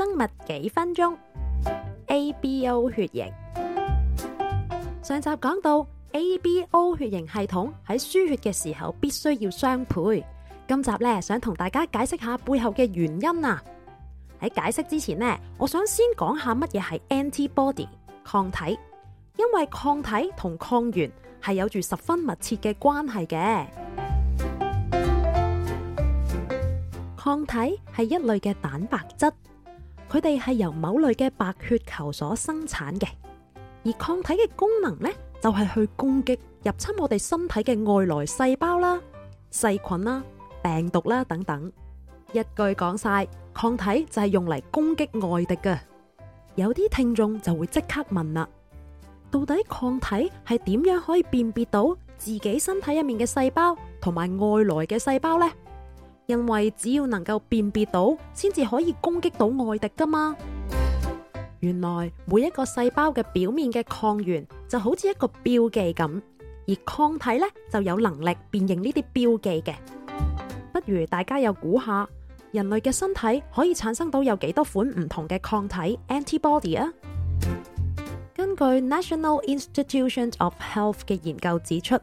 生物幾分鐘，ABO 血型。上集講到 ABO 血型系統喺輸血嘅時候必須要相配。今集呢，想同大家解釋下背後嘅原因啊。喺解釋之前呢，我想先講下乜嘢係 antibody 抗體，因為抗體同抗原係有住十分密切嘅關係嘅。抗體係一類嘅蛋白質。佢哋係由某類嘅白血球所生產嘅，而抗體嘅功能呢，就係去攻擊入侵我哋身體嘅外來細胞啦、細菌啦、病毒啦等等。一句講晒，抗體就係用嚟攻擊外敵嘅。有啲聽眾就會即刻問啦：「到底抗體係點樣可以辨別到自己身體入面嘅細胞同埋外來嘅細胞呢？」認為只要能夠辨別到，先至可以攻擊到外敵噶嘛。原來每一個細胞嘅表面嘅抗原就好似一個標記咁，而抗體呢就有能力辨認呢啲標記嘅。不如大家又估下，人類嘅身體可以產生到有幾多款唔同嘅抗體 （antibody） 啊？根據 National Institutes of Health 嘅研究指出，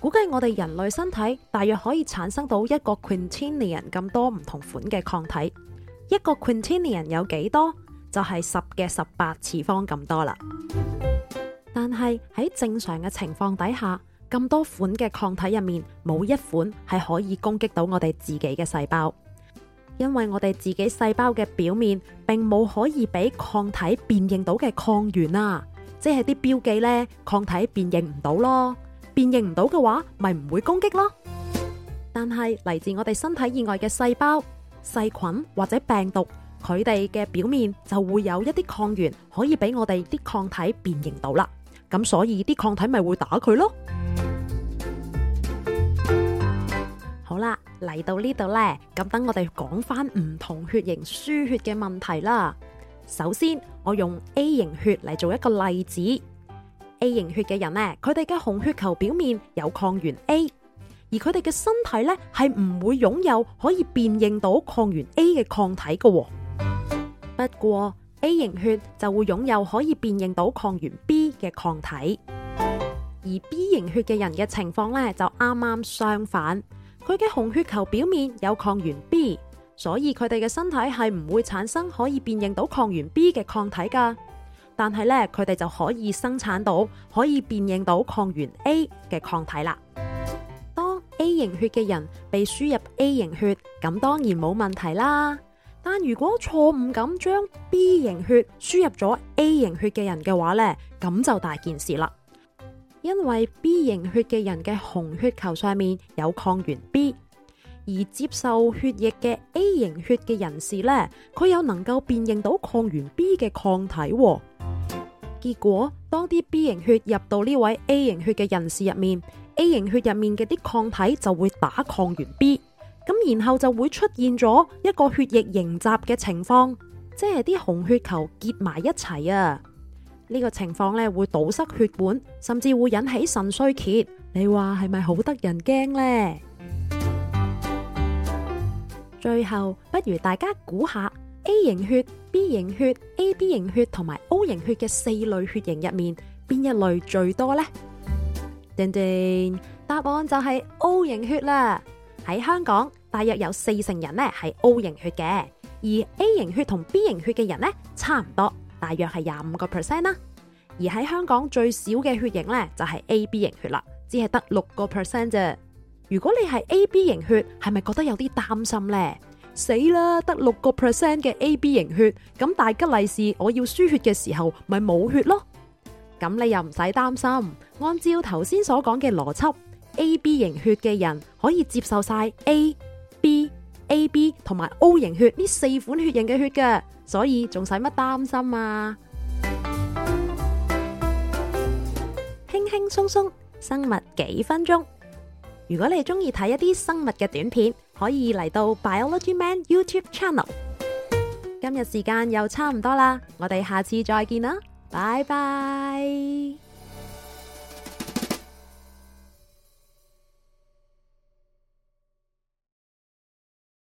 估計我哋人類身體大約可以產生到一個 quintillion 咁多唔同款嘅抗體，一個 quintillion 有幾多？就係十嘅十八次方咁多啦。但係喺正常嘅情況底下，咁多款嘅抗體入面，冇一款係可以攻擊到我哋自己嘅細胞，因為我哋自己細胞嘅表面並冇可以俾抗體辨認到嘅抗原啊，即係啲標記呢，抗體辨認唔到咯。辨形唔到嘅話，咪唔會攻擊咯。但係嚟自我哋身體以外嘅細胞、細菌或者病毒，佢哋嘅表面就會有一啲抗原，可以俾我哋啲抗體辨認到啦。咁所以啲抗體咪會打佢咯。好啦，嚟到呢度呢，咁等我哋講翻唔同血型輸血嘅問題啦。首先，我用 A 型血嚟做一個例子。A 型血嘅人呢，佢哋嘅紅血球表面有抗原 A，而佢哋嘅身體呢係唔會擁有可以辨認到抗原 A 嘅抗體噶。不過 A 型血就會擁有可以辨認到抗原 B 嘅抗體，而 B 型血嘅人嘅情況呢就啱啱相反，佢嘅紅血球表面有抗原 B，所以佢哋嘅身體係唔會產生可以辨認到抗原 B 嘅抗體噶。但係咧，佢哋就可以生產到可以辨認到抗原 A 嘅抗體啦。當 A 型血嘅人被輸入 A 型血，咁當然冇問題啦。但如果錯誤咁將 B 型血輸入咗 A 型血嘅人嘅話呢，咁就大件事啦。因為 B 型血嘅人嘅紅血球上面有抗原 B。而接受血液嘅 A 型血嘅人士呢，佢有能夠辨認到抗原 B 嘅抗體。結果當啲 B 型血入到呢位 A 型血嘅人士入面，A 型血入面嘅啲抗體就會打抗原 B，咁然後就會出現咗一個血液凝集嘅情況，即係啲紅血球結埋一齊啊！呢個情況呢，會堵塞血管，甚至會引起腎衰竭。你話係咪好得人驚呢？是最後，不如大家估下 A 型血、B 型血、AB 型血同埋 O 型血嘅四類血型入面，邊一類最多呢？叮叮，答案就係 O 型血啦。喺香港，大約有四成人呢係 O 型血嘅，而 A 型血同 B 型血嘅人呢差唔多，大約係廿五個 percent 啦。而喺香港最少嘅血型呢，就係 AB 型血啦，只係得六個 percent 啫。如果你係 A B 型血，係咪覺得有啲擔心呢？死啦，得六個 percent 嘅 A B 型血，咁大吉利是我要輸血嘅時候咪冇血咯。咁你又唔使擔心，按照頭先所講嘅邏輯，A B 型血嘅人可以接受晒 A B AB 同埋 O 型血呢四款血型嘅血噶，所以仲使乜擔心啊？輕輕松鬆，生物幾分鐘。如果你中意睇一啲生物嘅短片，可以嚟到 Biology Man YouTube Channel。今日時間又差唔多啦，我哋下次再見啦，拜拜。